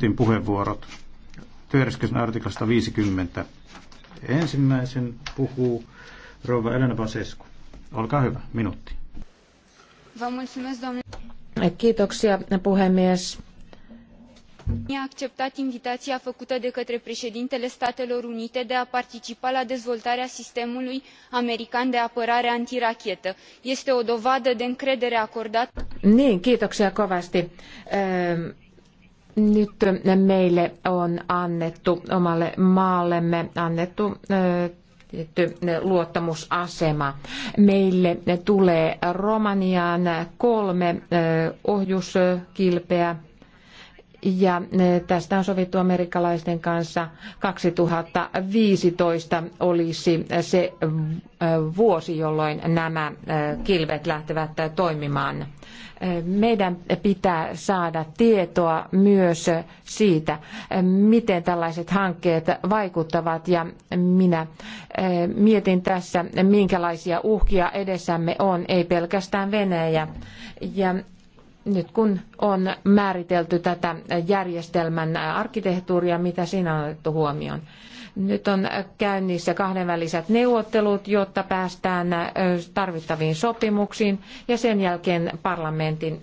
Putin puheenvuorot. Työjärjestyksen artiklasta 50. Ensimmäisen puhuu rouva Elena Basescu. Olkaa hyvä, minuutti. Kiitoksia puhemies. acceptat făcută de către statelor unite de a participa la dezvoltarea sistemului american de apărare antirachetă. este o dovadă de încredere acordată. Niin, kiitoksia kovasti. Ehm, nyt meille on annettu omalle maallemme annettu tietty luottamusasema. Meille tulee Romaniaan kolme ohjuskilpeä ja e, tästä on sovittu amerikkalaisten kanssa 2015 olisi se e, vuosi, jolloin nämä e, kilvet lähtevät toimimaan. Meidän pitää saada tietoa myös siitä, miten tällaiset hankkeet vaikuttavat ja minä mietin tässä, minkälaisia uhkia edessämme on, ei pelkästään Venäjä. Ja nyt kun on määritelty tätä järjestelmän arkkitehtuuria, mitä siinä on otettu huomioon. Nyt on käynnissä kahdenväliset neuvottelut, jotta päästään tarvittaviin sopimuksiin ja sen jälkeen parlamentin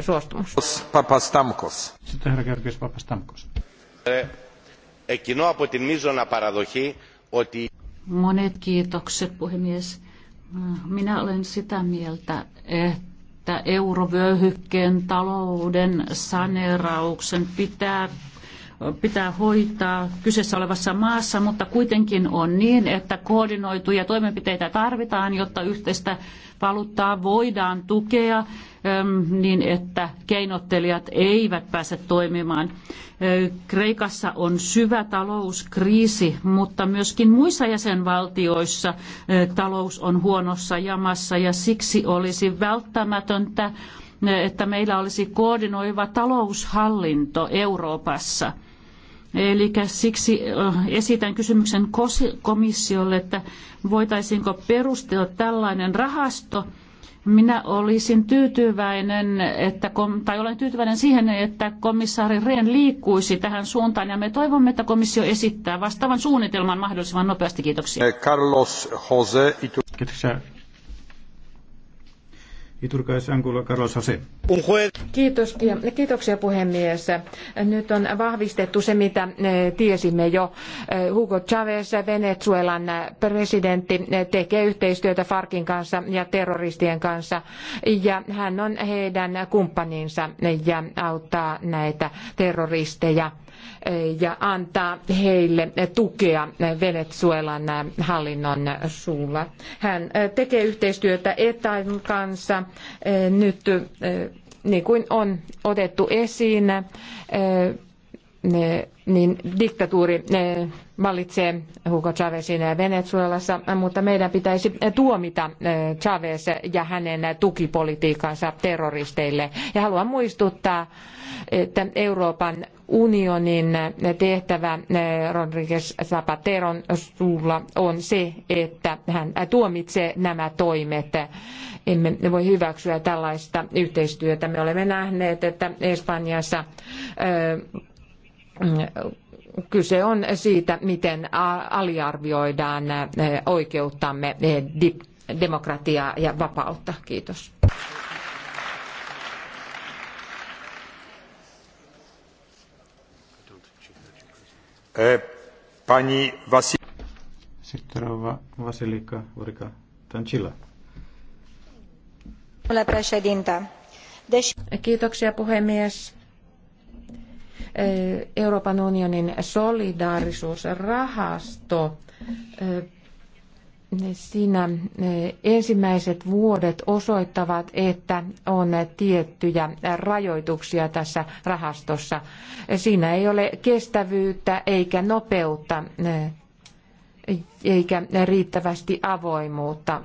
suostumus. Papastamkos. Sitten herra Kerkis Papastamkos. Εκείνο από την μείζωνα παραδοχή ότι... Monet kiitokset puhemies. Minä olen sitä mieltä, että että eurovyöhykkeen talouden sanerauksen pitää pitää hoitaa kyseessä olevassa maassa, mutta kuitenkin on niin, että koordinoituja toimenpiteitä tarvitaan, jotta yhteistä valuuttaa voidaan tukea niin, että keinottelijat eivät pääse toimimaan. Kreikassa on syvä talouskriisi, mutta myöskin muissa jäsenvaltioissa talous on huonossa jamassa ja siksi olisi välttämätöntä, että meillä olisi koordinoiva taloushallinto Euroopassa. Eli siksi esitän kysymyksen komissiolle, että voitaisiinko perustaa tällainen rahasto, minä olisin tyytyväinen, että, tai olen tyytyväinen siihen, että komissaari Rehn liikkuisi tähän suuntaan ja me toivomme, että komissio esittää vastaavan suunnitelman mahdollisimman nopeasti. Kiitoksia. Carlos Jose. Kiitoksia. Iturkais Hase. Kiitos, kiitoksia puhemies. Nyt on vahvistettu se, mitä eh, tiesimme jo. Eh, Hugo Chavez, Venezuelan eh, presidentti, tekee yhteistyötä Farkin kanssa ja terroristien kanssa. Ja hän on heidän kumppaninsa ja auttaa näitä terroristeja ja antaa heille tukea Venezuelan hallinnon suulla. Hän tekee yhteistyötä ETAin kanssa nyt niin kuin on otettu esiin niin diktatuuri vallitsee Hugo Chavezin Venezuelassa, mutta meidän pitäisi tuomita eh, Chavez ja hänen tukipolitiikansa terroristeille. Ja haluan muistuttaa, että Euroopan unionin tehtävä eh, Rodriguez Zapateron suulla on se, että hän tuomitsee nämä toimet. Emme voi hyväksyä tällaista yhteistyötä. Me olemme nähneet, että Espanjassa eh, kyse on siitä, miten aliarvioidaan oikeuttamme demokratiaa ja vapautta. Kiitos. E, pani Vasi... Sitten rouva Vasilika Urika Tancila. Kiitoksia puhemies Eh, Euroopan unionin solidaarisuusrahasto. Eh, siinä eh, ensimmäiset vuodet osoittavat, että on tiettyjä rajoituksia tässä rahastossa. Siinä ei ole kestävyyttä eikä nopeutta eikä riittävästi avoimuutta.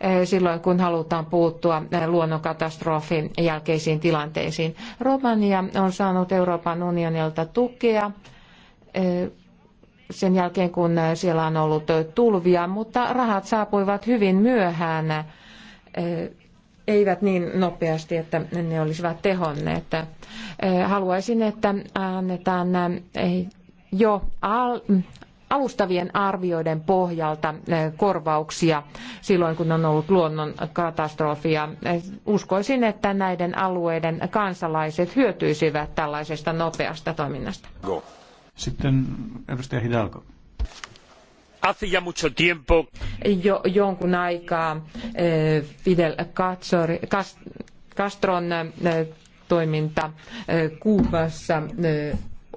Eh, silloin, kun halutaan puuttua eh, luonnonkatastrofin jälkeisiin tilanteisiin. Romania on saanut Euroopan unionilta tukea eh, sen jälkeen, kun siellä on ollut tulvia, mutta rahat saapuivat hyvin myöhään, eivät niin nopeasti, että ne olisivat tehonneet. Haluaisin, että annetaan jo alustavien arvioiden pohjalta eh, korvauksia silloin, kun on ollut luonnon katastrofia. Eh, uskoisin, että näiden alueiden kansalaiset hyötyisivät tällaisesta nopeasta toiminnasta. Sitten edustaja Hidalgo. Jo jonkun aikaa eh, Fidel Castron toiminta Kuubassa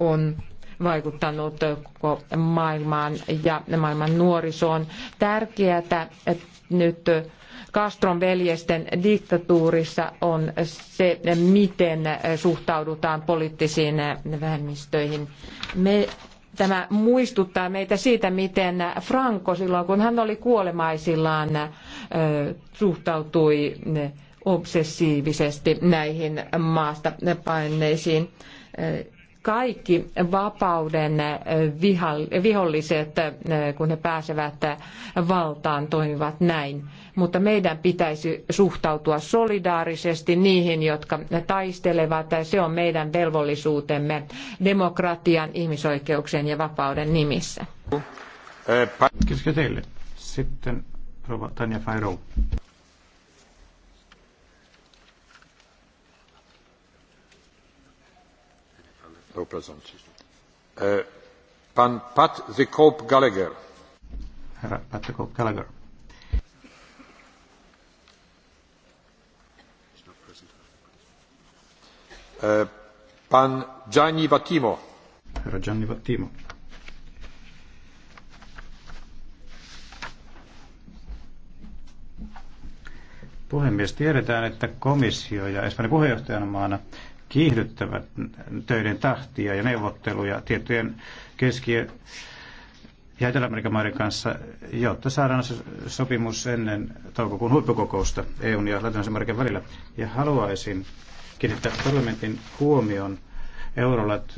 on vaikuttanut koko maailmaan ja maailman nuorisoon. Tärkeätä nyt Castron veljesten diktatuurissa on se, miten suhtaudutaan poliittisiin vähemmistöihin. Me Tämä muistuttaa meitä siitä, miten Franco silloin, kun hän oli kuolemaisillaan, suhtautui obsessiivisesti näihin maasta paineisiin kaikki vapauden eh, viholliset, eh, kun he pääsevät eh, valtaan, toimivat näin. Mutta meidän pitäisi suhtautua solidaarisesti niihin, jotka taistelevat. Se on meidän velvollisuutemme demokratian, ihmisoikeuksien ja vapauden nimissä. Kiitos teille. Sitten Tanja Fairou. represent. Pan Pat the Cope Herra Pat the Cope Pan Gianni Vattimo. Herra Gianni Vattimo. Puhemies, tiedetään, että komissio ja Espanjan puheenjohtajana kiihdyttävät töiden tahtia ja neuvotteluja tiettyjen keski- ja Etelä-Amerikan maiden kanssa, jotta saadaan sopimus ennen toukokuun huippukokousta EUn ja Latinalaisen välillä. Ja haluaisin kiinnittää parlamentin huomion eurolat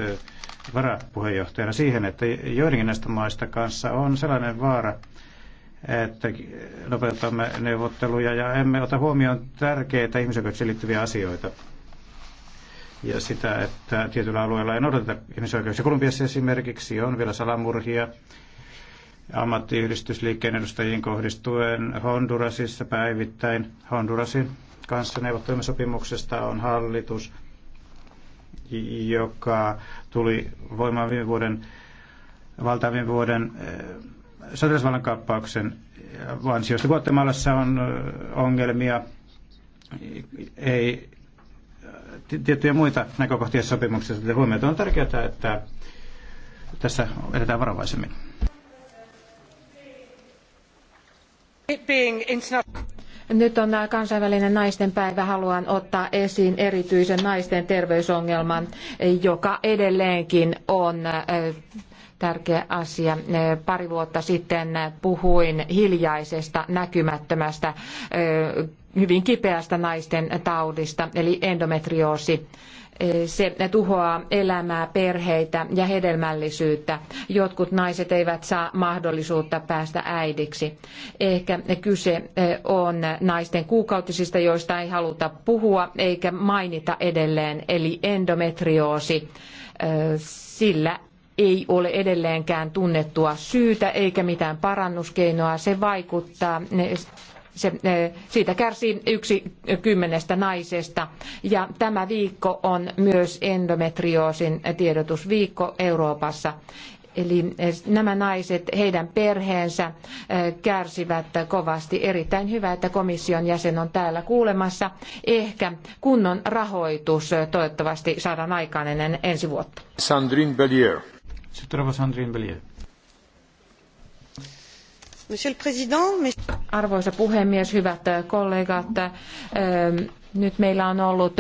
varapuheenjohtajana siihen, että joidenkin näistä maista kanssa on sellainen vaara, että lopetamme neuvotteluja ja emme ota huomioon tärkeitä ihmisoikeuksiin liittyviä asioita ja sitä, että tietyllä alueilla ei noudateta ihmisoikeuksia. Kolumbiassa esimerkiksi on vielä salamurhia ammattiyhdistysliikkeen edustajiin kohdistuen Hondurasissa päivittäin. Hondurasin kanssa neuvottelumisopimuksesta on hallitus, joka tuli voimaan viime vuoden, valtaan viime vuoden eh, sotilasvallan kaappauksen ansiosta. Guatemalassa on eh, ongelmia, ei tiettyjä muita näkökohtia sopimuksessa tätä huomioita. On tärkeää, että tässä edetään varovaisemmin. Nyt on kansainvälinen naisten päivä. Haluan ottaa esiin erityisen naisten terveysongelman, joka edelleenkin on äh, tärkeä asia. Äh, pari vuotta sitten puhuin hiljaisesta, näkymättömästä äh, hyvin kipeästä naisten taudista, eli endometrioosi. Se tuhoaa elämää, perheitä ja hedelmällisyyttä. Jotkut naiset eivät saa mahdollisuutta päästä äidiksi. Ehkä kyse eh, on naisten kuukautisista, joista ei haluta puhua eikä mainita edelleen, eli endometrioosi. Eh, sillä ei ole edelleenkään tunnettua syytä eikä mitään parannuskeinoa. Se vaikuttaa se, eh, siitä kärsii yksi kymmenestä naisesta. Ja tämä viikko on myös endometrioosin tiedotusviikko Euroopassa. Eli eh, nämä naiset, heidän perheensä eh, kärsivät kovasti. Erittäin hyvä, että komission jäsen on täällä kuulemassa. Ehkä kunnon rahoitus toivottavasti saadaan aikaan ennen ensi vuotta. Sandrine Bellier. Sitten Sandrine Bellier. Arvoisa puhemies, hyvät kollegat, nyt meillä on ollut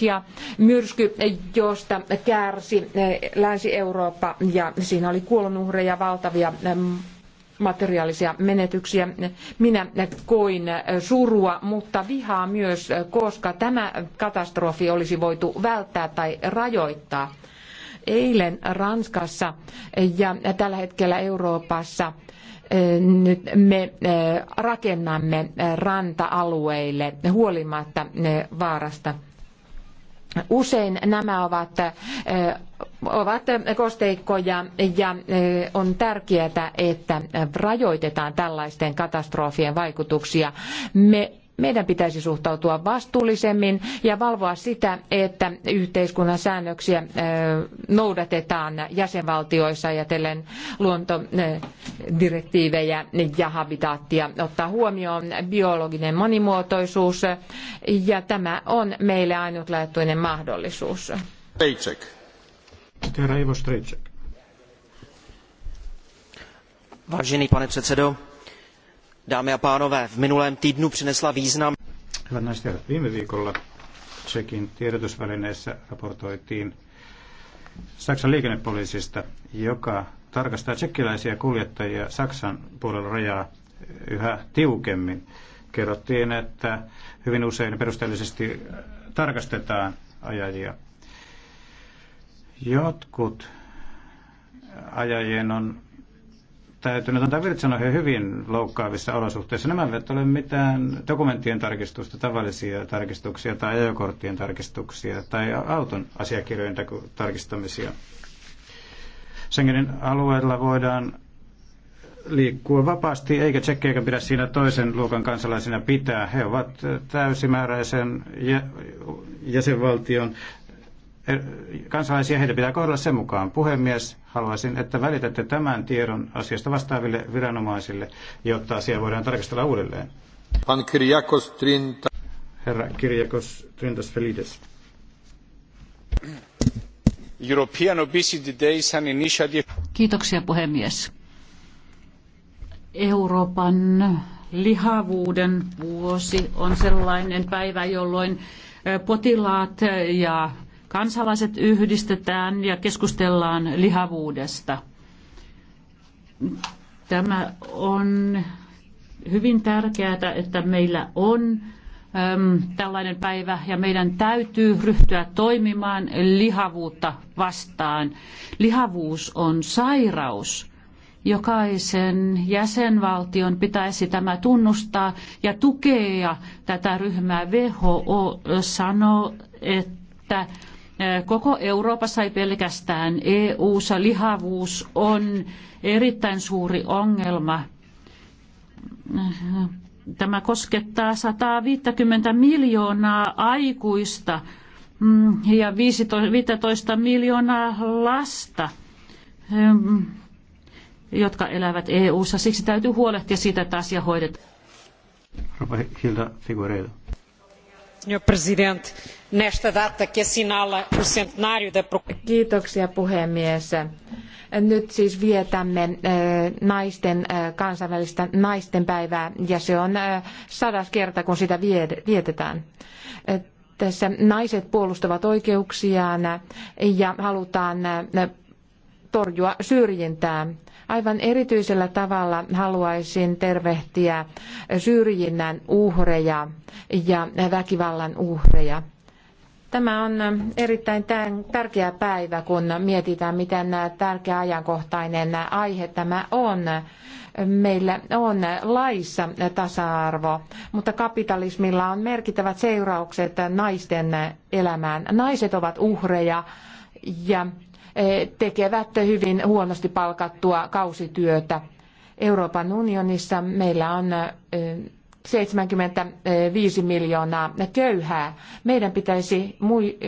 ja myrsky, josta kärsi Länsi-Eurooppa ja siinä oli kuolonuhreja valtavia materiaalisia menetyksiä. Minä koin surua, mutta vihaa myös, koska tämä katastrofi olisi voitu välttää tai rajoittaa. Eilen Ranskassa ja tällä hetkellä Euroopassa nyt me eh, rakennamme eh, ranta-alueille huolimatta eh, vaarasta. Usein nämä ovat, ovat kosteikkoja ja on tärkeää, että rajoitetaan tällaisten katastrofien vaikutuksia. Me meidän pitäisi suhtautua vastuullisemmin ja valvoa sitä, että yhteiskunnan säännöksiä noudatetaan jäsenvaltioissa ajatellen luontodirektiivejä ja habitaattia, ottaa huomioon biologinen monimuotoisuus ja tämä on meille ainutlaatuinen mahdollisuus. Strejček. Herra Ivo Strejček. Vážený pane předsedo, dámy a pánové, v minulém týdnu přinesla význam. viime viikolla Tsekin tiedotusvälineissä raportoitiin Saksan liikennepoliisista, joka tarkastaa tsekkiläisiä kuljettajia Saksan puolella rajaa yhä tiukemmin. Kerrottiin, että hyvin usein perusteellisesti tarkastetaan ajajia. Jotkut ajajien on Täytyy nyt antaa virtsanohja hyvin loukkaavissa olosuhteissa. Nämä eivät ole mitään dokumenttien tarkistusta, tavallisia tarkistuksia tai ajokorttien tarkistuksia tai auton asiakirjojen tarkistamisia. Schengenin alueella voidaan liikkua vapaasti, eikä tsekkejäkään pidä siinä toisen luokan kansalaisina pitää. He ovat täysimääräisen jäsenvaltion kansalaisia, heitä pitää kohdella sen mukaan. Puhemies, haluaisin, että välitätte tämän tiedon asiasta vastaaville viranomaisille, jotta asia voidaan tarkastella uudelleen. Pan Kyriakos Trinta. Herra Kyriakos Trintas Felides. European Obesity Days and Initiative. Kiitoksia puhemies. Euroopan lihavuuden vuosi on sellainen päivä, jolloin eh, potilaat ja kansalaiset yhdistetään ja keskustellaan lihavuudesta. Tämä on hyvin tärkeää, että meillä on äm, tällainen päivä ja meidän täytyy ryhtyä toimimaan lihavuutta vastaan. Lihavuus on sairaus. Jokaisen jäsenvaltion pitäisi tämä tunnustaa ja tukea tätä ryhmää. WHO sanoo, että koko Euroopassa, ei pelkästään EU-ssa, lihavuus on erittäin suuri ongelma. Tämä koskettaa 150 miljoonaa aikuista mm, ja 15 miljoonaa lasta, mm, jotka elävät EU-ssa. Siksi täytyy huolehtia siitä, että asia hoidetaan. Hilda Figueiredo. Sr. Presidente, nesta data que assinala o centenário da Kiitoksia puhemies. Nyt siis vietämme eh, naisten eh, kansainvälistä naistenpäivää ja se on eh, sadas kerta, kun sitä vietetään tässä naiset puolustavat oikeuksiaan ja halutaan torjua syrjintää. Aivan erityisellä tavalla haluaisin tervehtiä syrjinnän uhreja ja väkivallan uhreja. Tämä on erittäin tärkeä päivä, kun mietitään, miten tärkeä ajankohtainen aihe tämä on. Meillä on laissa tasa-arvo, mutta kapitalismilla on merkittävät seuraukset naisten elämään. Naiset ovat uhreja ja tekevät hyvin huonosti palkattua kausityötä. Euroopan unionissa meillä on 75 miljoonaa köyhää. Meidän pitäisi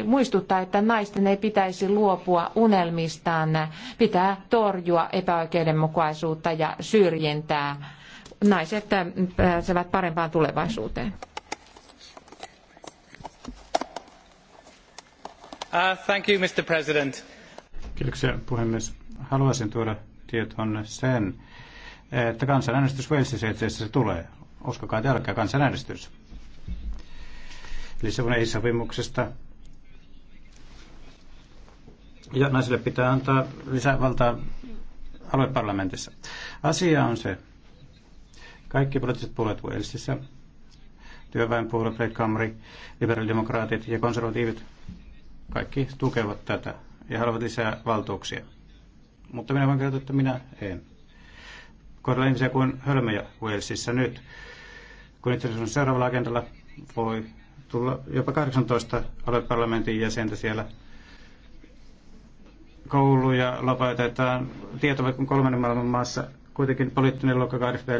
muistuttaa, että naisten ei pitäisi luopua unelmistaan. Pitää torjua epäoikeudenmukaisuutta ja syrjintää. Naiset pääsevät parempaan tulevaisuuteen. Uh, thank you, Mr. President. Kiitoksia puhemies. Haluaisin tuoda tietoon sen, että kansanäänestys Walesissa itse asiassa tulee. Uskokaa että älkää kansanäänestys. Lissabonin sopimuksesta ja naisille pitää antaa lisävaltaa alueparlamentissa. Asia on se, kaikki poliittiset puolet Walesissa, työväenpuolue, Brexit, liberaalidemokraatit ja konservatiivit, kaikki tukevat tätä ja haluavat lisää valtuuksia. Mutta minä voin kertoa, että minä en. Kohdella ihmisiä kuin hölmöjä Walesissa nyt, kun itse on seuraavalla agendalla, voi tulla jopa 18 alueparlamentin jäsentä siellä. Kouluja lopetetaan vaikka kolmannen maailman maassa. Kuitenkin poliittinen luokka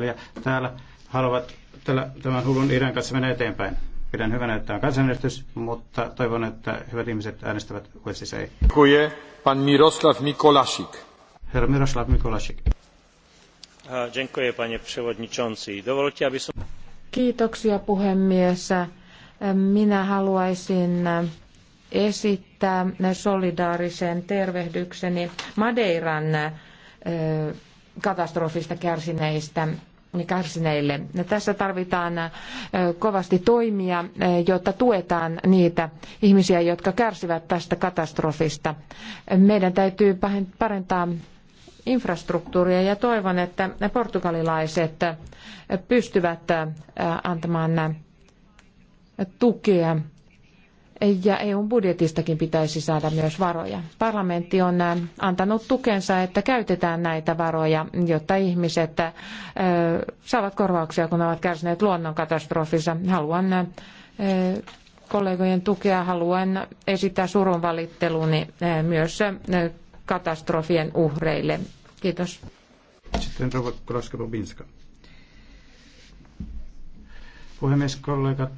ja täällä haluavat tämän hullun Iran kanssa mennä eteenpäin. Pidän hyvänä, että on kansanäänestys, mutta toivon, että hyvät ihmiset äänestävät Welsissa ei. Pan Miroslav Mikolasik. Herra Miroslav Mikolasik. Kiitoksia, puhemies. Minä haluaisin esittää solidaarisen tervehdykseni Madeiran katastrofista kärsineistä kärsineille. Tässä tarvitaan kovasti toimia, jotta tuetaan niitä ihmisiä, jotka kärsivät tästä katastrofista. Meidän täytyy parantaa infrastruktuuria ja toivon, että portugalilaiset pystyvät antamaan tukea ja EUn budjetistakin pitäisi saada myös varoja. Parlamentti on äh, antanut tukensa, että käytetään näitä varoja, jotta ihmiset äh, saavat korvauksia, kun ovat kärsineet luonnonkatastrofissa. Haluan äh, kollegojen tukea, haluan esittää surun valitteluni myös katastrofien uhreille. Kiitos. Sitten Rova Kraska-Bobinska. Puhemies, kollegat,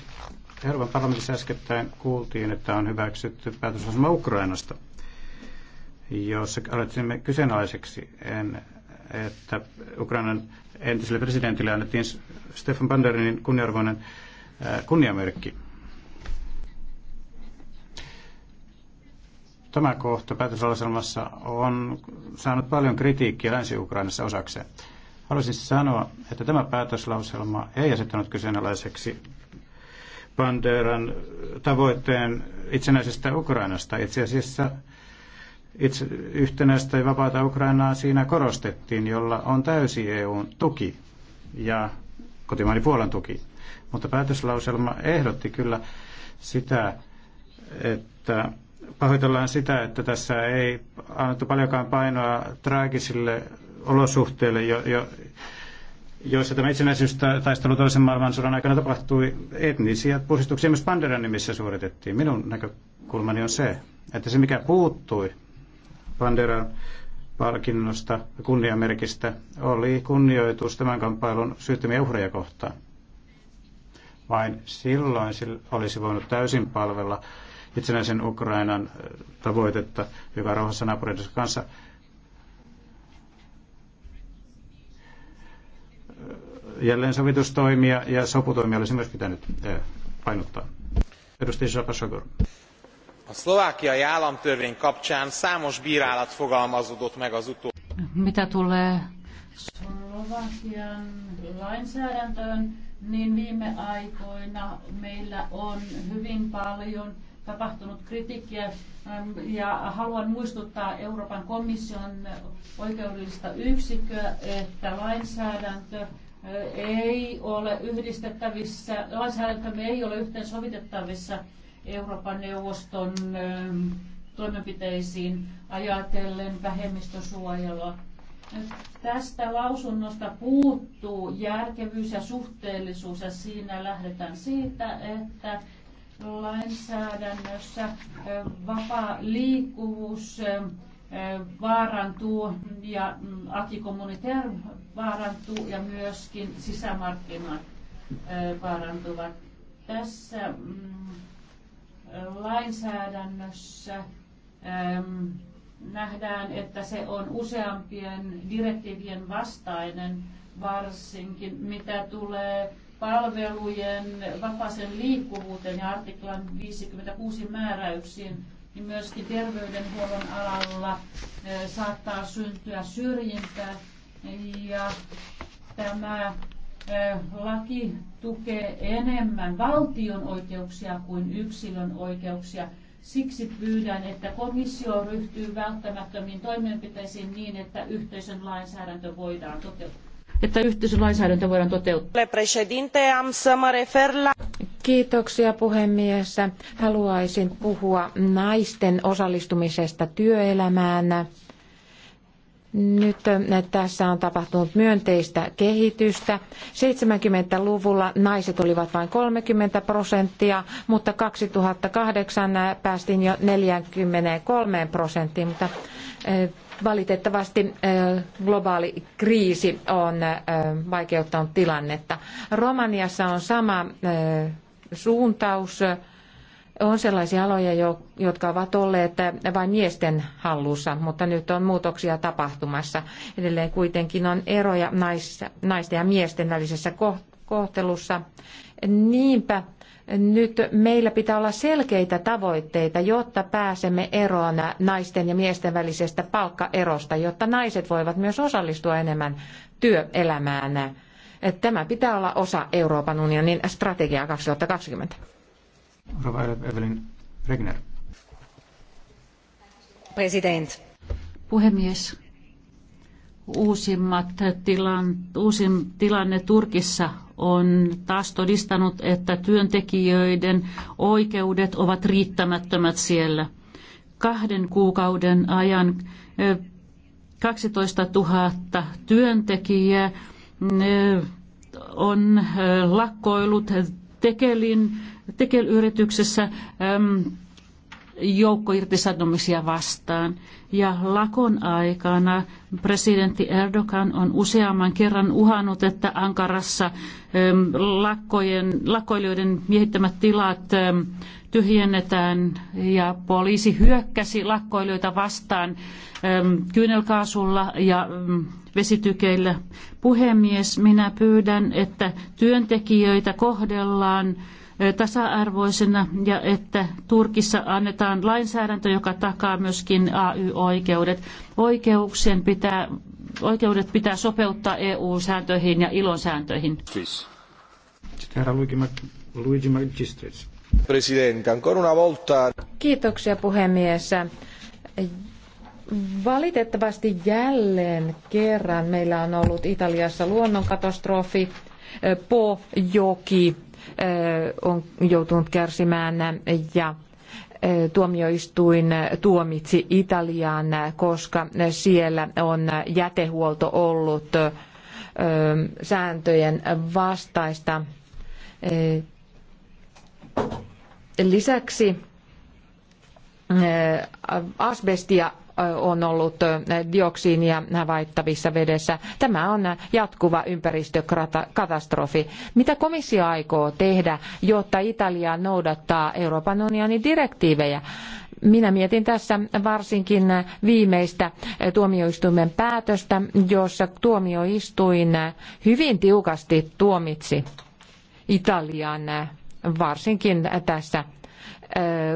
Euroopan parlamentissa äskettäin kuultiin, että on hyväksytty päätösasema Ukrainasta, jossa aloitimme kyseenalaiseksi, en, että Ukrainan entiselle presidentille annettiin Stefan Banderinin kunniarvoinen kunniamerkki. Tämä kohta päätösasemassa on saanut paljon kritiikkiä Länsi-Ukrainassa osakseen. Haluaisin sanoa, että tämä päätöslauselma ei asettanut kyseenalaiseksi Panderan tavoitteen itsenäisestä Ukrainasta. Itse asiassa itse, yhtenäistä ja vapaata Ukrainaa siinä korostettiin, jolla on täysi EUn tuki ja kotimaani Puolan tuki. Mutta päätöslauselma ehdotti kyllä sitä, että pahoitellaan sitä, että tässä ei annettu paljonkaan painoa traagisille olosuhteille, jo, jo, joissa tämä itsenäisyystaistelu toisen maailmansodan aikana tapahtui, etnisiä puhdistuksia myös Panderan nimissä suoritettiin. Minun näkökulmani on se, että se mikä puuttui Panderan palkinnosta ja kunniamerkistä oli kunnioitus tämän kamppailun syyttömiä uhreja kohtaan. Vain silloin olisi voinut täysin palvella itsenäisen Ukrainan tavoitetta, joka rauhassa naapureiden kanssa jälleensovitustoimia ja soputoimia olisi myös pitänyt eh, painottaa. Edustaja Sapasogor. A szlovákiai államtörvény kapcsán számos bírálat fogalmazódott meg az utó. Mitä tulee Slovakian lainsäädäntöön, niin viime aikoina meillä on hyvin paljon tapahtunut kritiikkiä ähm, ja haluan muistuttaa Euroopan komission oikeudellista yksikköä, että lainsäädäntö ei ole yhdistettävissä, lainsäädäntömme ei ole sovitettavissa Euroopan neuvoston toimenpiteisiin ajatellen vähemmistösuojelua. Tästä lausunnosta puuttuu järkevyys ja suhteellisuus ja siinä lähdetään siitä, että lainsäädännössä vapaa liikkuvuus vaarantuu ja mm, aki vaarantuu ja myöskin sisämarkkinat vaarantuvat. Tässä mm, lainsäädännössä nähdään, että se on useampien direktiivien vastainen, varsinkin mitä tulee palvelujen vapaaseen liikkuvuuteen ja artiklan 56 määräyksiin niin myöskin terveydenhuollon alalla eh, saattaa syntyä syrjintää ja tämä eh, laki tukee enemmän valtion oikeuksia kuin yksilön oikeuksia. Siksi pyydän, että komissio ryhtyy välttämättömiin toimenpiteisiin niin, että yhteisön lainsäädäntö voidaan toteuttaa että lainsäädäntö voidaan toteuttaa. Kiitoksia puhemies. Haluaisin puhua naisten osallistumisesta työelämään. Nyt tässä on tapahtunut myönteistä kehitystä. 70-luvulla naiset olivat vain 30 prosenttia, mutta 2008 päästiin jo 43 prosenttiin, mutta Eh, valitettavasti eh, globaali kriisi on eh, vaikeuttanut tilannetta. Romaniassa on sama suuntaus. On sellaisia aloja, jotka ovat olleet vain miesten hallussa, mutta nyt on muutoksia tapahtumassa. Edelleen kuitenkin on eroja naisten ja miesten välisessä kohtelussa. Niinpä nyt meillä pitää olla selkeitä tavoitteita, jotta pääsemme eroon naisten ja miesten välisestä palkkaerosta, jotta naiset voivat myös osallistua enemmän työelämään. Tämä pitää olla osa Euroopan unionin strategiaa 2020. Rova Evelyn Regner. President. Puhemies, Uusimmat tilan, uusin tilanne Turkissa on taas todistanut, että työntekijöiden oikeudet ovat riittämättömät siellä. Kahden kuukauden ajan 12 000 työntekijää on lakkoillut Tekelin, tekelyrityksessä yrityksessä joukkoirtisanomisia vastaan. Ja lakon aikana presidentti Erdogan on useamman kerran uhannut, että Ankarassa lakkojen, lakkoilijoiden miehittämät tilat tyhjennetään ja poliisi hyökkäsi lakkoilijoita vastaan kyynelkaasulla ja vesitykeillä. Puhemies, minä pyydän, että työntekijöitä kohdellaan tasa-arvoisena ja että Turkissa annetaan lainsäädäntö, joka takaa myöskin AY-oikeudet. Oikeuksien pitää, oikeudet pitää sopeuttaa EU-sääntöihin ja ilon sääntöihin. Presidente, una volta. Kiitoksia puhemies. Valitettavasti jälleen kerran meillä on ollut Italiassa luonnonkatastrofi, Po, joki, on joutunut kärsimään ja tuomioistuin tuomitsi Italian, koska siellä on jätehuolto ollut sääntöjen vastaista. Lisäksi asbestia on ollut dioksiinia havaittavissa vedessä. Tämä on jatkuva ympäristökatastrofi. Mitä komissio aikoo tehdä, jotta Italia noudattaa Euroopan unionin direktiivejä? Minä mietin tässä varsinkin viimeistä tuomioistuimen päätöstä, jossa tuomioistuin hyvin tiukasti tuomitsi Italian varsinkin tässä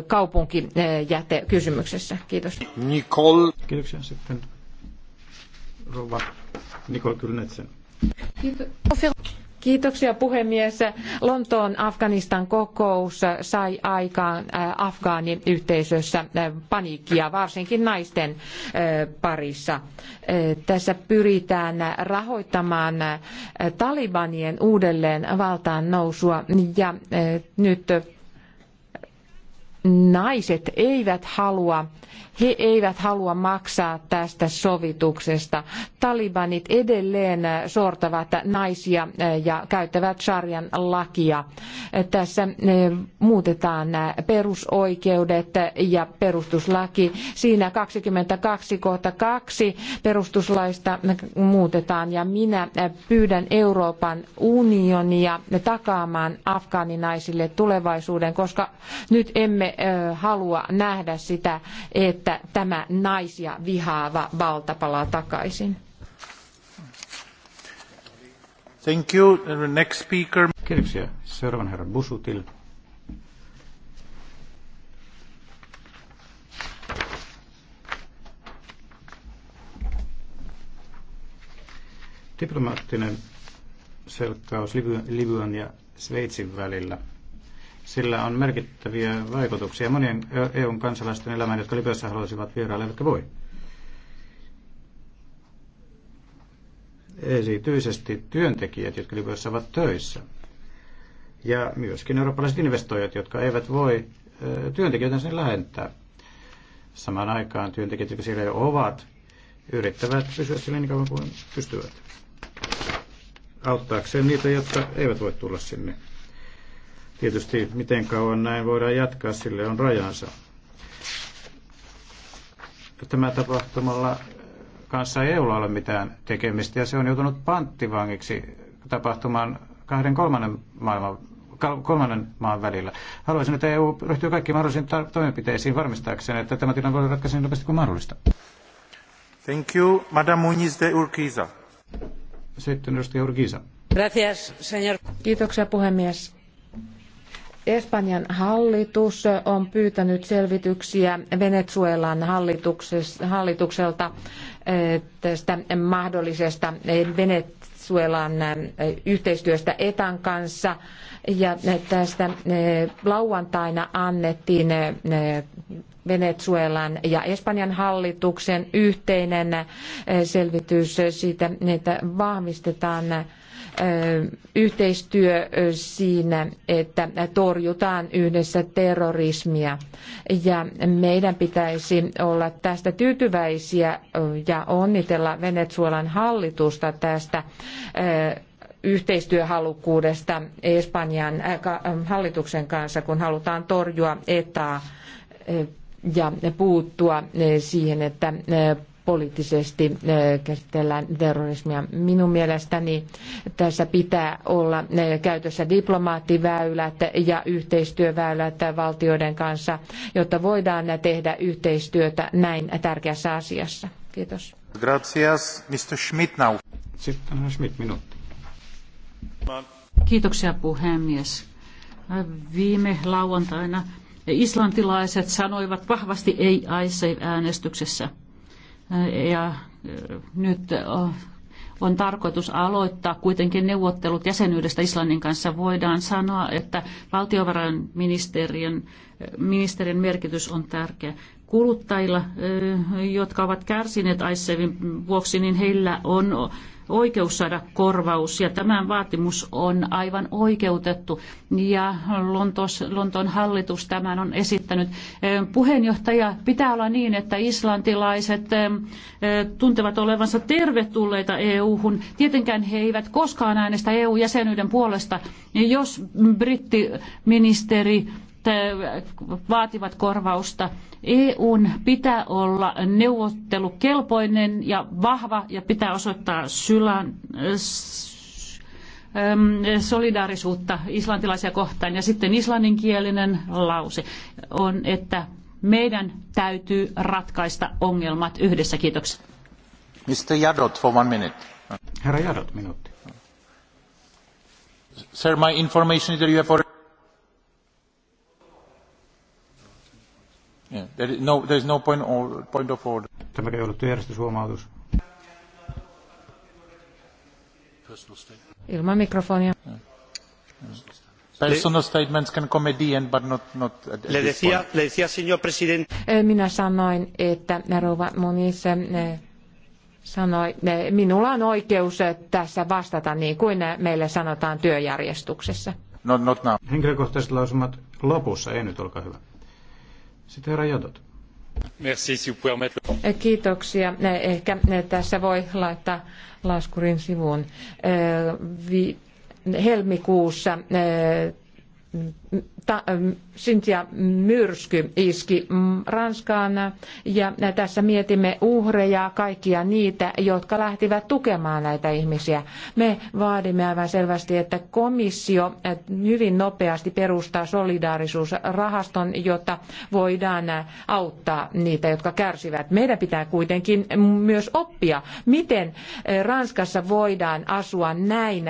kaupunkijätekysymyksessä. Kiitos. Nicole. Kiitoksia sitten rouva Nicole Kylnetsen. Kiitos. Kiitoksia puhemies. Lontoon Afganistan kokous sai aikaan afgaaniyhteisössä paniikkia, varsinkin naisten parissa. Tässä pyritään rahoittamaan talibanien uudelleen valtaan nousua ja nyt naiset eivät halua, he eivät halua maksaa tästä sovituksesta. Talibanit edelleen sortavat naisia eh, ja käyttävät sarjan lakia. Eh, tässä eh, muutetaan perusoikeudet ja perustuslaki. Siinä 222 kohta perustuslaista muutetaan ja minä pyydän Euroopan unionia takaamaan afgaaninaisille tulevaisuuden, koska nyt emme halua nähdä sitä, että tämä naisia vihaava valta palaa takaisin. Thank you. The next speaker. Kiitoksia. Seuraavan herra Busutil. Diplomaattinen selkkaus Libyan ja Sveitsin välillä – sillä on merkittäviä vaikutuksia monien EUn e kansalaisten elämään, jotka Libyassa haluaisivat vierailla, eivätkä voi. Esityisesti työntekijät, jotka Libyassa ovat töissä. Ja myöskin eurooppalaiset investoijat, jotka eivät voi e, työntekijöitä sen lähentää. Samaan aikaan työntekijät, jotka siellä jo ovat, yrittävät pysyä siellä niin kauan kuin pystyvät auttaakseen niitä, jotka eivät voi tulla sinne. Tietysti miten kauan näin voidaan jatkaa, sille on rajansa. Tämä tapahtumalla kanssa ei EUlla ole mitään tekemistä ja se on joutunut panttivangiksi tapahtumaan kahden kolmannen maailman kolmannen maan välillä. Haluaisin, että EU ryhtyy kaikki mahdollisiin toimenpiteisiin varmistaakseen, että tämä tilanne voi ratkaista niin nopeasti kuin mahdollista. Thank you, Madame Muniz de Urquiza. Sitten edustaja Urquiza. Gracias, señor. Kiitoksia puhemies. Espanjan hallitus on pyytänyt selvityksiä Venezuelan hallitukselta eh, tästä mahdollisesta eh, Venezuelan eh, yhteistyöstä ETAn kanssa. Ja tästä lauantaina annettiin Venezuelan ja Espanjan hallituksen yhteinen selvitys siitä, että vahvistetaan yhteistyö siinä, että torjutaan yhdessä terrorismia. Ja meidän pitäisi olla tästä tyytyväisiä ja onnitella Venezuelan hallitusta tästä yhteistyöhalukkuudesta Espanjan hallituksen kanssa, kun halutaan torjua etaa ja puuttua siihen, että poliittisesti äh, käsitellään terrorismia. Minun mielestäni tässä pitää olla äh, käytössä diplomaattiväylät ja yhteistyöväylät valtioiden kanssa, jotta voidaan tehdä yhteistyötä näin tärkeässä asiassa. Kiitos. Gracias, Mr. Schmidt now. Sitten Schmidt, minuutti. Kiitoksia puhemies. Viime lauantaina islantilaiset sanoivat vahvasti ei ISAF-äänestyksessä. Ja nyt on tarkoitus aloittaa kuitenkin neuvottelut jäsenyydestä Islannin kanssa. Voidaan sanoa, että valtiovarainministeriön ministerin merkitys on tärkeä. Kuluttajilla, jotka ovat kärsineet Aissevin vuoksi, niin heillä on oikeus saada korvaus ja tämä vaatimus on aivan oikeutettu ja Lontos, Lontoon hallitus tämän on esittänyt. Puheenjohtaja pitää olla niin, että islantilaiset tuntevat olevansa tervetulleita EU-hun. Tietenkään he eivät koskaan äänestä EU-jäsenyyden puolesta, jos brittiministeri vaativat korvausta. EUn pitää olla neuvottelukelpoinen ja vahva ja pitää osoittaa sylän ähm, solidaarisuutta islantilaisia kohtaan. Ja sitten islanninkielinen lause on, että meidän täytyy ratkaista ongelmat yhdessä. Kiitoksia. Mr. Jadot, for one minute. Herra Jadot, minuutti. Sir, my information is that you have already... No, no Tämä ei ollut järjestyshuomautus. Ilman mikrofonia. Personal statements can come at the end, but not, not at le decía, point. le decía, señor presidente. Eh, minä sanoin, että rouva Muniz eh, sanoi, eh, minulla on oikeus tässä vastata niin kuin meille sanotaan työjärjestyksessä. Not, not now. Henkilökohtaiset lausumat lopussa, ei nyt, olkaa hyvä. Kiitoksia. Ehkä tässä voi laittaa laskurin sivuun. Helmikuussa ta, ähm, Cynthia myrsky iski mm, Ranskaan ja tässä mietimme uhreja, kaikkia niitä, jotka lähtivät tukemaan näitä ihmisiä. Me vaadimme aivan selvästi, että komissio äh, hyvin nopeasti perustaa solidaarisuusrahaston, jotta voidaan äh, auttaa niitä, jotka kärsivät. Meidän pitää kuitenkin myös oppia, miten äh, Ranskassa voidaan asua näin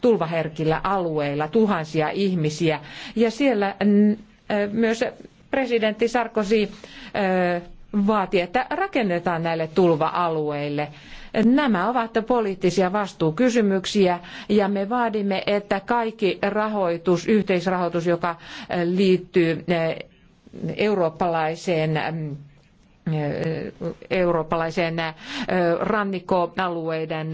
tulvaherkillä alueilla tuhansia ihmisiä ja siellä äh, myös presidentti Sarkozy äh, vaati, että rakennetaan näille tulva-alueille. Nämä ovat poliittisia vastuukysymyksiä ja me vaadimme, että kaikki rahoitus, yhteisrahoitus, joka äh, liittyy eurooppalaiseen eurooppalaiseen rannikkoalueiden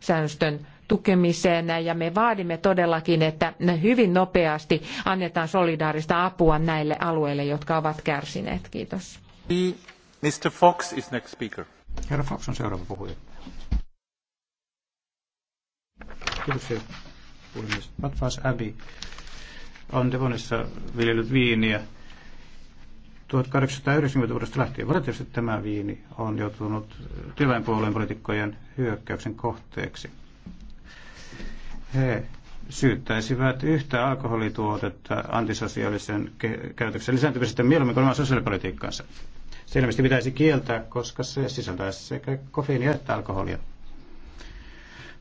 säännöstön tukemiseen ja me vaadimme todellakin, että hyvin nopeasti annetaan solidaarista apua näille alueille, jotka ovat kärsineet. Kiitos. Mr. Fox is next speaker. Herra Fox on seuraava puhuja. Kiitos, puhemies. Matfas Abbey on Devonissa viljellyt viiniä 1890 vuodesta lähtien. Valitettavasti tämä viini on joutunut työväenpuolueen poliitikkojen hyökkäyksen kohteeksi he syyttäisivät yhtä alkoholituotetta antisosiaalisen käytöksen lisääntymisestä mieluummin kuin sosiaalipolitiikkaansa. Se ilmeisesti pitäisi kieltää, koska se sisältää sekä kofeiinia että alkoholia.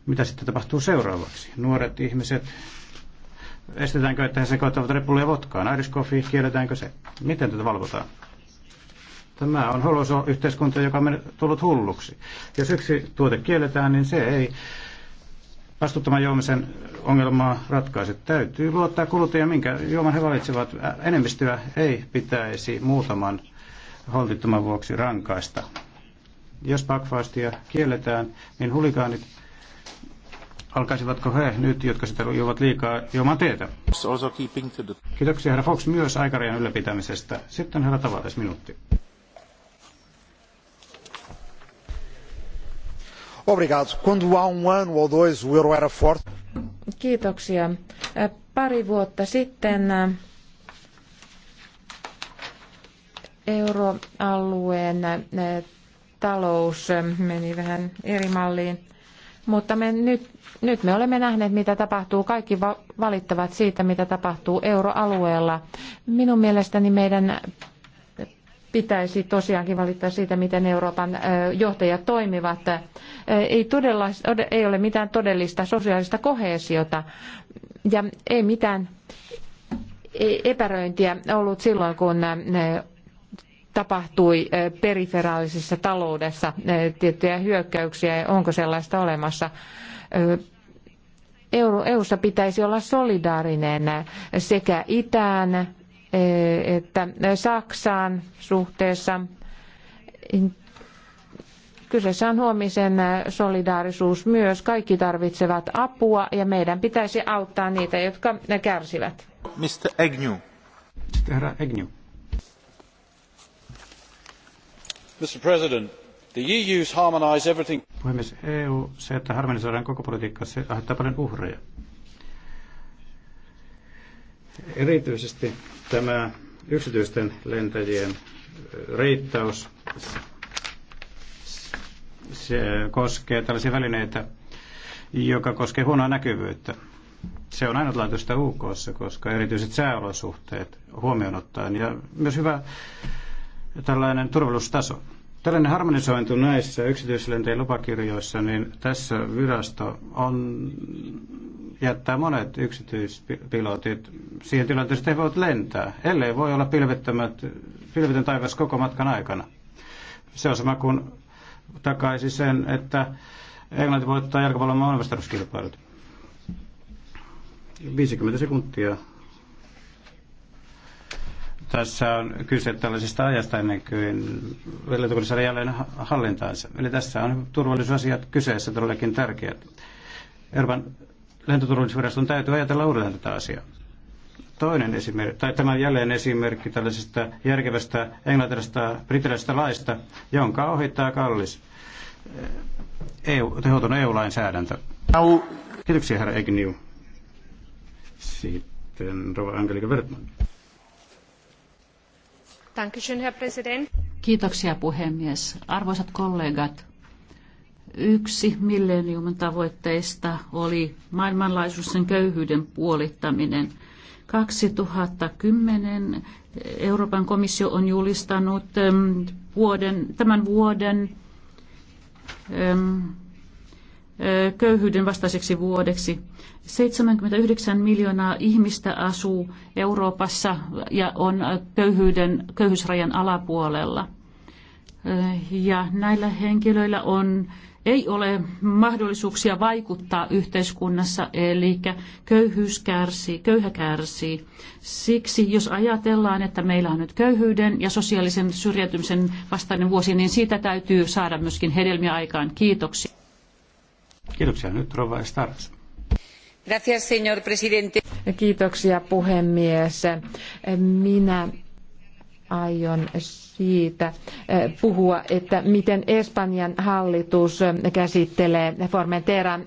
Mitä sitten tapahtuu seuraavaksi? Nuoret ihmiset, estetäänkö, että he sekoittavat repulia votkaan? Iris coffee, kielletäänkö se? Miten tätä valvotaan? Tämä on holoso yhteiskunta, joka on tullut hulluksi. Jos yksi tuote kielletään, niin se ei vastuuttoman juomisen ongelmaa ratkaiset. Täytyy luottaa kuluttajia, minkä juoman he valitsevat. Enemmistöä ei pitäisi muutaman holtittoman vuoksi rankaista. Jos pakfaastia kielletään, niin huligaanit alkaisivatko he nyt, jotka sitä juovat liikaa juomaan teetä? Kiitoksia herra Fox myös aikarajan ylläpitämisestä. Sitten herra tavallis minuutti. Obrigado. Quando há um ano ou dois o euro era forte. Kiitoksia. Pari vuotta sitten euroalueen talous meni vähän eri malliin. Mutta me nyt, nyt me olemme nähneet, mitä tapahtuu. Kaikki valittavat siitä, mitä tapahtuu euroalueella. Minun mielestäni meidän pitäisi tosiaankin valittaa siitä, miten Euroopan johtajat toimivat. Ei, todella, ei ole mitään todellista sosiaalista kohesiota ja ei mitään e-, epäröintiä ollut silloin, kun tapahtui periferaalisessa taloudessa tiettyjä hyökkäyksiä ja onko sellaista olemassa. EU, EUssa pitäisi olla solidaarinen sekä itään Eh, että eh, Saksaan suhteessa kyseessä on huomisen eh, solidaarisuus myös. Kaikki tarvitsevat apua ja meidän pitäisi auttaa niitä, jotka kärsivät. Mr. Agnew. herra Agnew. Mr. President, the EU's harmonise everything. Puhemies, EU, se, että harmonisoidaan koko politiikka, se aiheuttaa paljon uhreja. Erityisesti tämä yksityisten lentäjien reittaus se koskee tällaisia välineitä, joka koskee huonoa näkyvyyttä. Se on ainutlaatuista UK, koska erityiset sääolosuhteet huomioon ottaen ja myös hyvä tällainen turvallisuustaso tällainen harmonisointi näissä yksityislentojen lupakirjoissa, niin tässä virasto on, jättää monet yksityispilotit siihen tilanteeseen, että he voivat lentää, ellei voi olla pilvettömät, pilvetön taivas koko matkan aikana. Se on sama kuin takaisi sen, että Englanti voittaa jalkapallon maailmastaruuskilpailut. 50 sekuntia tässä on kyse tällaisesta ajasta ennen kuin velvoitetaan saada jälleen hallintaansa. Eli tässä on turvallisuusasiat kyseessä todellakin tärkeät. Euroopan lentoturvallisuusviraston täytyy ajatella uudelleen tätä asiaa. Toinen esimerkki, tai tämä jälleen esimerkki tällaisesta järkevästä englantilaisesta brittiläisestä laista, jonka ohittaa kallis EU, eh, e tehoton EU-lainsäädäntö. Kiitoksia herra Egnew. Sitten Rova Angelika Wertman. Kiitoksia puhemies. Arvoisat kollegat, yksi milleniumin tavoitteista oli maailmanlaajuisen köyhyyden puolittaminen. 2010 Euroopan komissio on julistanut vuoden, tämän vuoden köyhyyden vastaiseksi vuodeksi. 79 miljoonaa ihmistä asuu Euroopassa ja on köyhyyden, köyhyysrajan alapuolella. Ja näillä henkilöillä on, ei ole mahdollisuuksia vaikuttaa yhteiskunnassa, eli köyhyys kärsii, köyhä kärsii. Siksi jos ajatellaan, että meillä on nyt köyhyyden ja sosiaalisen syrjäytymisen vastainen vuosi, niin siitä täytyy saada myöskin hedelmiä aikaan. Kiitoksia. Kiitoksia nyt, Rova Estaras. Gracias, señor presidente. Kiitoksia, puhemies. Minä aion siitä eh, puhua, että miten Espanjan hallitus käsittelee Formentera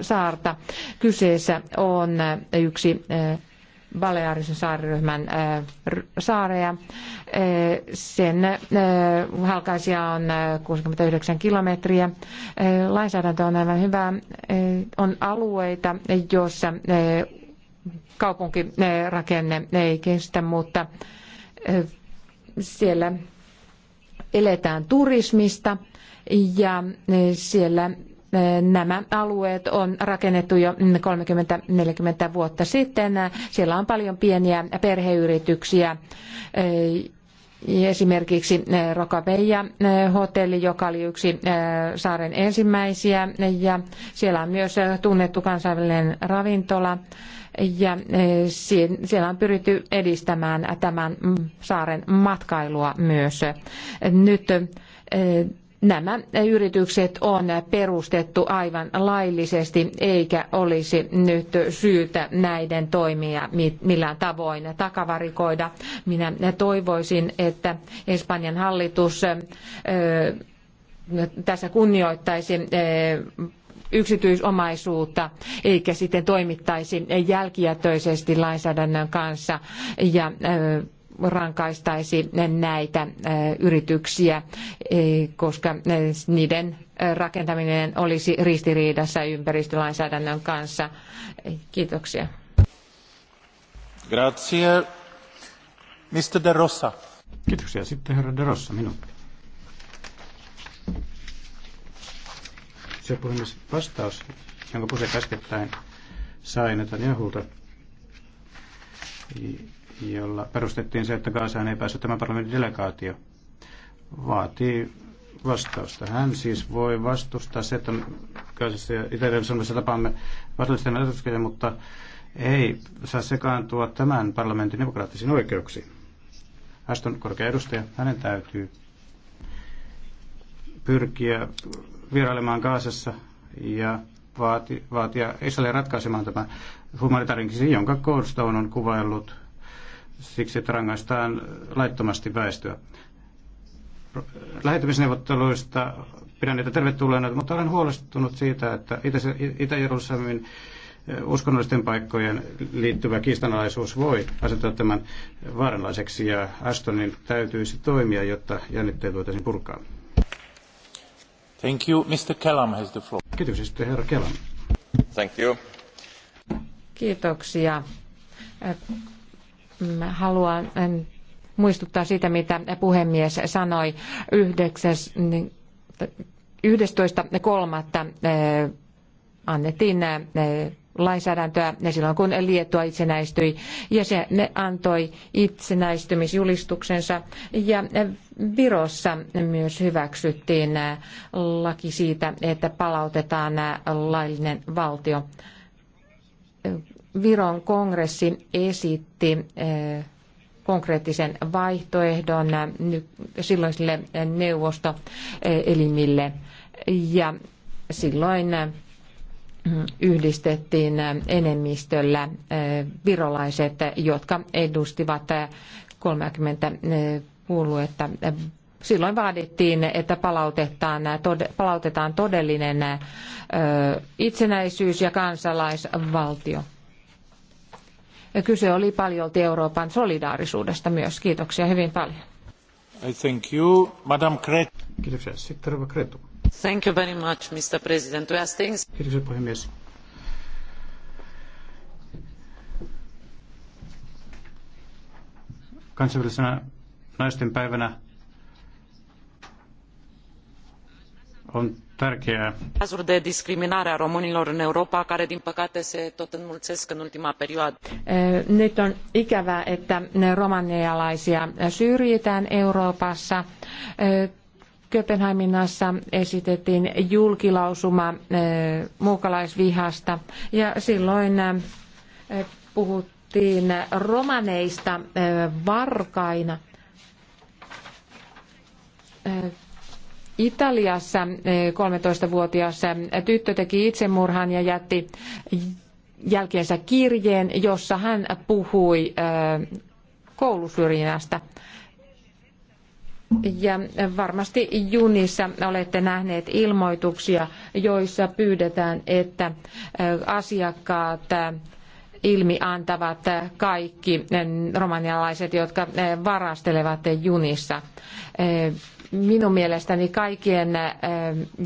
saarta. Kyseessä on yksi eh, Balearisen saariryhmän saareja. Sen halkaisia on 69 kilometriä. Lainsäädäntö on aivan hyvä. On alueita, joissa kaupunkirakenne ei kestä, mutta siellä eletään turismista ja siellä nämä alueet on rakennettu jo 30-40 vuotta sitten. Siellä on paljon pieniä perheyrityksiä. Esimerkiksi Rokaveija hotelli, joka oli yksi saaren ensimmäisiä ja siellä on myös tunnettu kansainvälinen ravintola ja siellä on pyritty edistämään tämän saaren matkailua myös. Nyt nämä yritykset on perustettu aivan laillisesti, eikä olisi nyt syytä näiden toimia millään tavoin takavarikoida. Minä toivoisin, että Espanjan hallitus tässä kunnioittaisi yksityisomaisuutta eikä sitten toimittaisi jälkijätöisesti lainsäädännön kanssa ja rankaistaisi näitä yrityksiä, koska niiden rakentaminen olisi ristiriidassa ympäristölainsäädännön kanssa. Kiitoksia. Grazie. Mr. De Rossa. Kiitoksia. Sitten herra De Rossa, minuutti. Se puhemies vastaus, jonka Puse käskettäin sain Netanyahulta, jolla perustettiin se, että Gaasaan ei päässyt tämän parlamentin delegaatio, vaatii vastausta. Hän siis voi vastustaa se, että Gaasassa ja Itä-Jerusalemissa tapaamme vastuullisten ajatuksia, mutta ei saa sekaantua tämän parlamentin demokraattisiin oikeuksiin. Aston korkea edustaja, hänen täytyy pyrkiä vierailemaan Gaasassa ja vaati, vaatia Israelia ratkaisemaan tämä humanitaarinen jonka Goldstone on kuvaillut siksi, että rangaistaan laittomasti väestöä. Lähetymisneuvotteluista pidän niitä tervetulleena, mutta olen huolestunut siitä, että Itä-Jerusalemin eh, uskonnollisten paikkojen liittyvä kiistanalaisuus voi asettaa tämän vaaranlaiseksi ja Astonin täytyisi toimia, jotta jännitteet voitaisiin purkaa. Thank you. Mr. Kellam has the floor. Kiitos, sitten herra Kellam. Thank you. Kiitoksia. Mm, haluan ähm, muistuttaa siitä, mitä puhemies sanoi 11.3. Niin, äh, annettiin äh, lainsäädäntöä ne silloin kun Liettua itsenäistyi ja se ne antoi itsenäistymisjulistuksensa ja äh, Virossa myös hyväksyttiin laki siitä, että palautetaan laillinen valtio Viron kongressi esitti eh, konkreettisen vaihtoehdon eh, silloisille eh, neuvostoelimille ja silloin yhdistettiin enemmistöllä virolaiset, jotka edustivat 30 puoluetta. Silloin vaadittiin, että palautetaan, palautetaan todellinen itsenäisyys ja kansalaisvaltio. Kyse oli paljolti Euroopan solidaarisuudesta myös. Kiitoksia hyvin paljon. I Thank you, Madam Kret. Kiitoksia. Sitten Rova Kretu. Thank you very much, Mr. President. Kiitoksia puhemies. Kansainvälisenä naisten päivänä on cazuri de discriminare a românilor în Europa, care din păcate se tot înmulțesc în ultima perioadă. Eh, nyt on ikävää, että romanialaisia syrjitään Euroopassa. Eh, Köpenhaminassa esitettiin julkilausuma eh, muukalaisvihasta ja silloin puhuttiin romaneista varkaina Italiassa 13-vuotias eh, eh, tyttö teki itsemurhan ja jätti jälkeensä kirjeen, jossa hän puhui eh, koulusyrjinnästä. Ja varmasti junissa olette nähneet ilmoituksia, joissa pyydetään, että asiakkaat ilmi antavat kaikki romanialaiset, jotka varastelevat junissa minun mielestäni kaikkien, äh,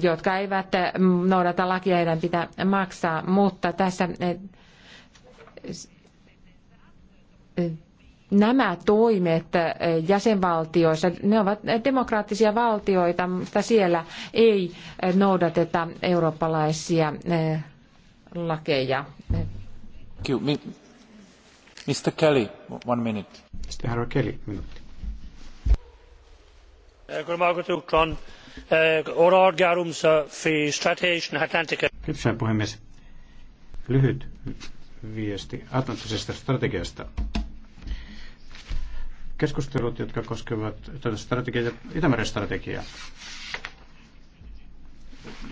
jotka eivät äh, noudata lakia, heidän pitää maksaa, mutta tässä äh, nämä toimet jäsenvaltioissa, ne ovat demokraattisia valtioita, mutta siellä ei noudateta eurooppalaisia lakeja. Mr. Kelly, one minute. Mr. Harry Kelly, minuutti. Uh, arvoisa puhemies. Lyhyt viesti Atlanttisesta strategiasta. Keskustelut, jotka koskevat tätä strategiaa, Itämeren strategiaa.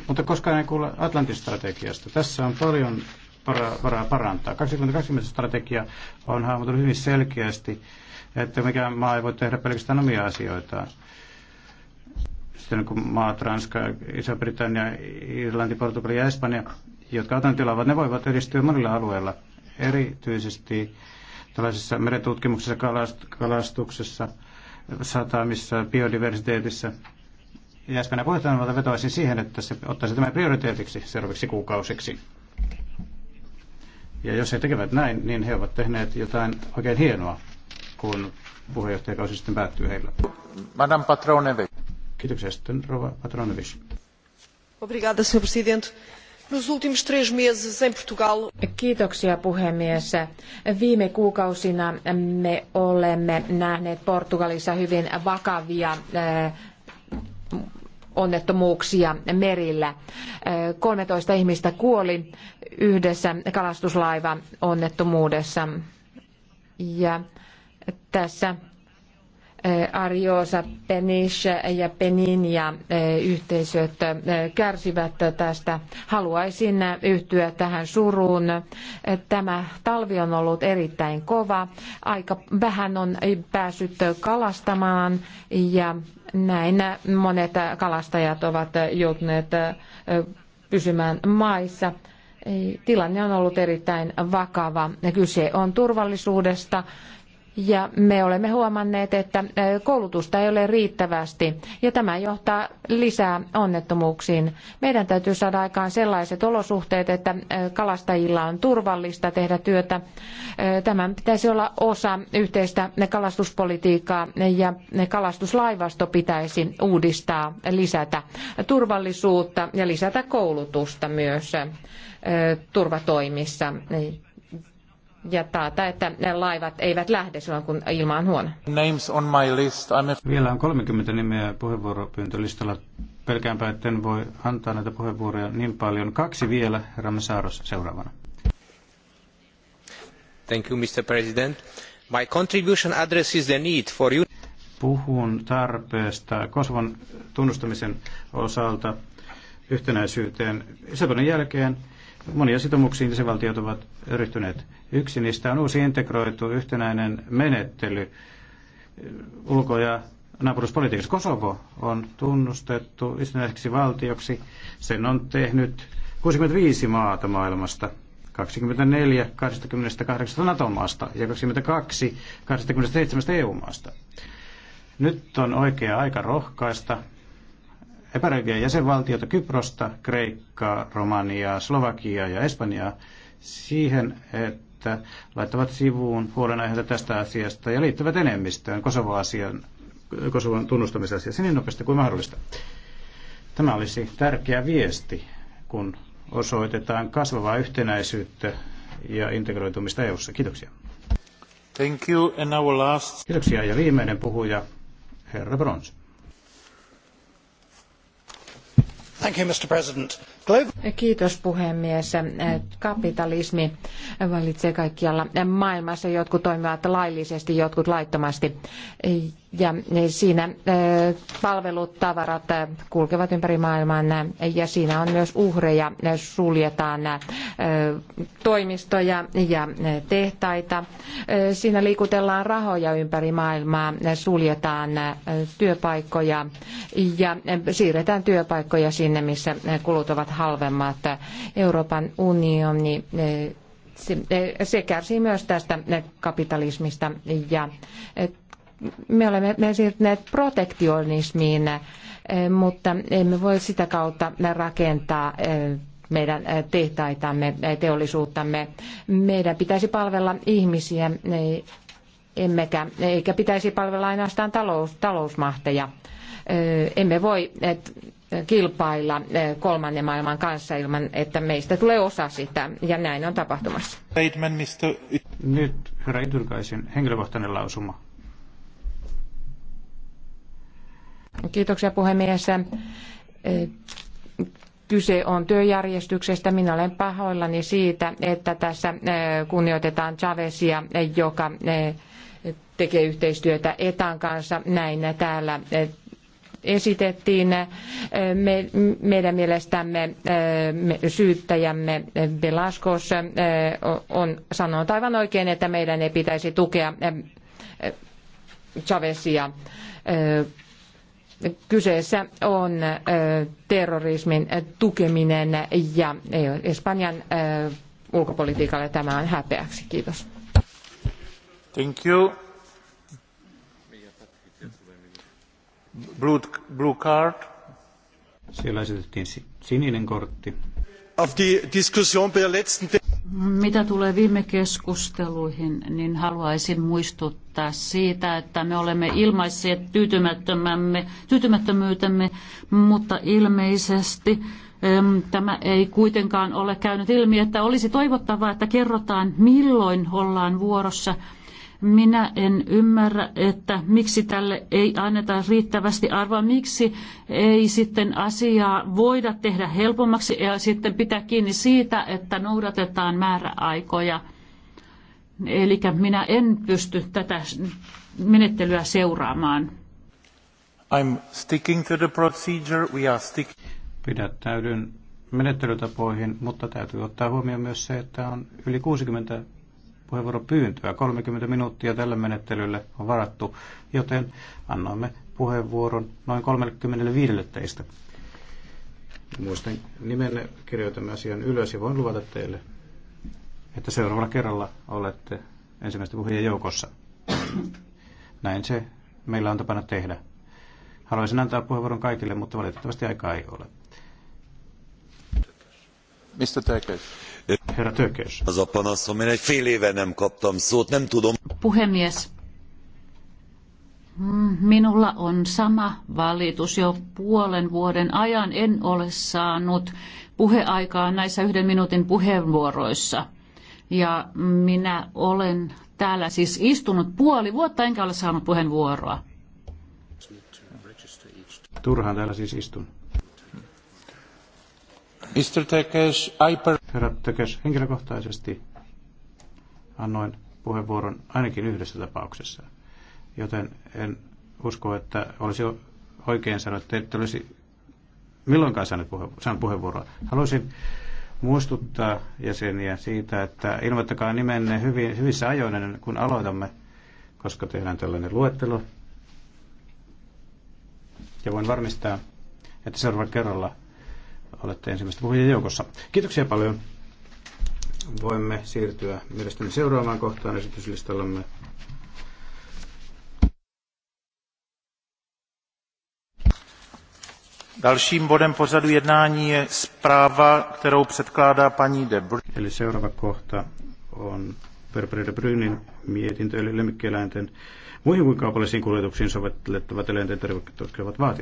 Mutta koskaan ei kuule Atlantin strategiasta. Tässä on paljon para, varaa parantaa. 2020 strategia on hahmotunut hyvin selkeästi, että mikään maa ei voi tehdä pelkästään omia asioitaan sitten niin maat Ranska, Iso-Britannia, Irlanti, Portugali ja Espanja, jotka otan tilaavat, ne voivat edistyä monilla alueilla, erityisesti tällaisessa merentutkimuksessa, kalastuksessa, satamissa, biodiversiteetissä. Ja Espanja että vetoaisin siihen, että se ottaisi tämän prioriteetiksi seuraaviksi kuukausiksi. Ja jos he tekevät näin, niin he ovat tehneet jotain oikein hienoa, kun puheenjohtajakausi sitten päättyy heillä. Madame Patronevi. Kiitoksia sitten, Rova Patronovic. Obrigada, senhor presidente. Nos últimos três meses em Portugal. Kiitoksia puhemies. Viime kuukausina me olemme nähneet Portugalissa hyvin vakavia eh, onnettomuuksia merillä. 13 eh, ihmistä kuoli yhdessä kalastuslaiva onnettomuudessa. Ja tässä Eh, Arjosa, Penish ja Penin ja eh, yhteisöt eh, kärsivät tästä. Haluaisin yhtyä tähän suruun. Tämä talvi on ollut erittäin kova. Aika vähän on päässyt kalastamaan ja näin monet kalastajat ovat joutuneet pysymään maissa. Tilanne on ollut erittäin vakava. Kyse on turvallisuudesta, ja me olemme huomanneet, että koulutusta ei ole riittävästi ja tämä johtaa lisää onnettomuuksiin. Meidän täytyy saada aikaan sellaiset olosuhteet, että kalastajilla on turvallista tehdä työtä. Tämän pitäisi olla osa yhteistä kalastuspolitiikkaa ja kalastuslaivasto pitäisi uudistaa, lisätä turvallisuutta ja lisätä koulutusta myös turvatoimissa ja taata, että laivat eivät lähde silloin, kun ilma on huono. Names on my list. I'm a... Vielä on 30 nimeä puheenvuoropyyntölistalla. Pelkäänpä, että en voi antaa näitä puheenvuoroja niin paljon. Kaksi vielä, Ramme Saaros seuraavana. Thank you, Mr. President. My contribution addresses the need for you. Puhun tarpeesta kosovan tunnustamisen osalta yhtenäisyyteen. Isätonin jälkeen monia sitoumuksiin se ovat ryhtyneet. Yksi niistä on uusi integroitu yhtenäinen menettely ulko- ja naapuruspolitiikassa. Kosovo on tunnustettu itsenäiseksi valtioksi. Sen on tehnyt 65 maata maailmasta. 24 28 NATO-maasta ja 22 27 EU-maasta. Nyt on oikea aika rohkaista epäröiviä jäsenvaltioita Kyprosta, Kreikkaa, Romaniaa, Slovakiaa ja Espanjaa siihen, että laittavat sivuun huolenaiheita tästä asiasta ja liittyvät enemmistöön Kosovo-asian, Kosovon tunnustamisasiassa niin nopeasti kuin mahdollista. Tämä olisi tärkeä viesti, kun osoitetaan kasvavaa yhtenäisyyttä ja integroitumista EU:ssa. Kiitoksia. Thank you. And our last... Kiitoksia. Ja viimeinen puhuja, herra Brons. Thank you, Mr. President Kiitos puhemies. Kapitalismi valitsee kaikkialla maailmassa. Jotkut toimivat laillisesti, jotkut laittomasti ja siinä palvelut, tavarat kulkevat ympäri maailman ja siinä on myös uhreja, suljetaan toimistoja ja tehtaita. Siinä liikutellaan rahoja ympäri maailmaa, suljetaan työpaikkoja ja siirretään työpaikkoja sinne, missä kulut ovat halvemmat. Euroopan unioni se, kärsii myös tästä kapitalismista ja me olemme me siirtyneet protektionismiin, eh, mutta emme voi sitä kautta rakentaa eh, meidän eh, tehtaitamme, teollisuuttamme. Meidän pitäisi palvella ihmisiä, emmekä, eikä pitäisi palvella ainoastaan talous, talousmahteja. Emme voi et, kilpailla kolmannen maailman kanssa ilman, että meistä tulee osa sitä, ja näin on tapahtumassa. Nyt herra Iturkaisen henkilökohtainen lausuma. Kiitoksia puhemies. Kyse on työjärjestyksestä. Minä olen pahoillani siitä, että tässä kunnioitetaan Chavezia, joka tekee yhteistyötä Etan kanssa. Näin täällä esitettiin. Me, meidän mielestämme me, syyttäjämme Velaskos on sanonut aivan oikein, että meidän ei pitäisi tukea Chavezia Kyseessä on terrorismin tukeminen ja Espanjan ulkopolitiikalle tämä on häpeäksi. Kiitos. Thank you. Blue, blue card. Siellä esitettiin sininen kortti. Auf die mitä tulee viime keskusteluihin, niin haluaisin muistuttaa, kiittää siitä, että me olemme ilmaisseet tyytymättömämme, tyytymättömyytemme, mutta ilmeisesti Tämä ei kuitenkaan ole käynyt ilmi, että olisi toivottavaa, että kerrotaan milloin ollaan vuorossa. Minä en ymmärrä, että miksi tälle ei anneta riittävästi arvoa, miksi ei sitten asiaa voida tehdä helpommaksi ja sitten pitää kiinni siitä, että noudatetaan määräaikoja. Eli minä en pysty tätä menettelyä seuraamaan. I'm sticking to the procedure. We are stick- Pidättäydyn menettelytapoihin, mutta täytyy ottaa huomioon myös se, että on yli 60 puheenvuoropyyntöä. 30 minuuttia tälle menettelylle on varattu, joten annoimme puheenvuoron noin 35 teistä. Muistan nimenne kirjoitamme asian ylös ja voin luvata teille, että seuraavalla kerralla olette ensimmäisten puhujien joukossa. Näin se meillä on tapana tehdä. Haluaisin antaa puheenvuoron kaikille, mutta valitettavasti aikaa ei ole. Mistä Tökes. Herra Tökes. Az a panaszom, én egy fél nem tudom. Puhemies, Minulla on sama valitus jo puolen vuoden ajan. En ole saanut puheaikaa näissä yhden minuutin puheenvuoroissa. Ja minä olen täällä siis istunut puoli vuotta, enkä ole saanut puheenvuoroa. Turhaan täällä siis istun. Mr. Tekes, I per... Herra Tekes, henkilökohtaisesti annoin puheenvuoron ainakin yhdessä tapauksessa, joten en usko, että olisi oikein sanoa, että ette olisi milloinkaan saanut puheenvuoroa. Haluaisin muistuttaa jäseniä siitä, että ilmoittakaa nimenne hyvin, hyvissä ajoin ennen kuin aloitamme, koska tehdään tällainen luettelo. Ja voin varmistaa, että seuraavalla kerralla olette ensimmäistä puhujien joukossa. Kiitoksia paljon. Voimme siirtyä mielestäni seuraavaan kohtaan esityslistallamme. Dalším bodem pořadu jednání je zpráva, kterou předkládá paní De Bruyne. Eli seuraava kohta on per De Bruynin mietintö, eli lemmikkieläinten muihin kuin kaupallisiin kuljetuksiin sovellettavat eläinten terveyttä koskevat vaatimukset.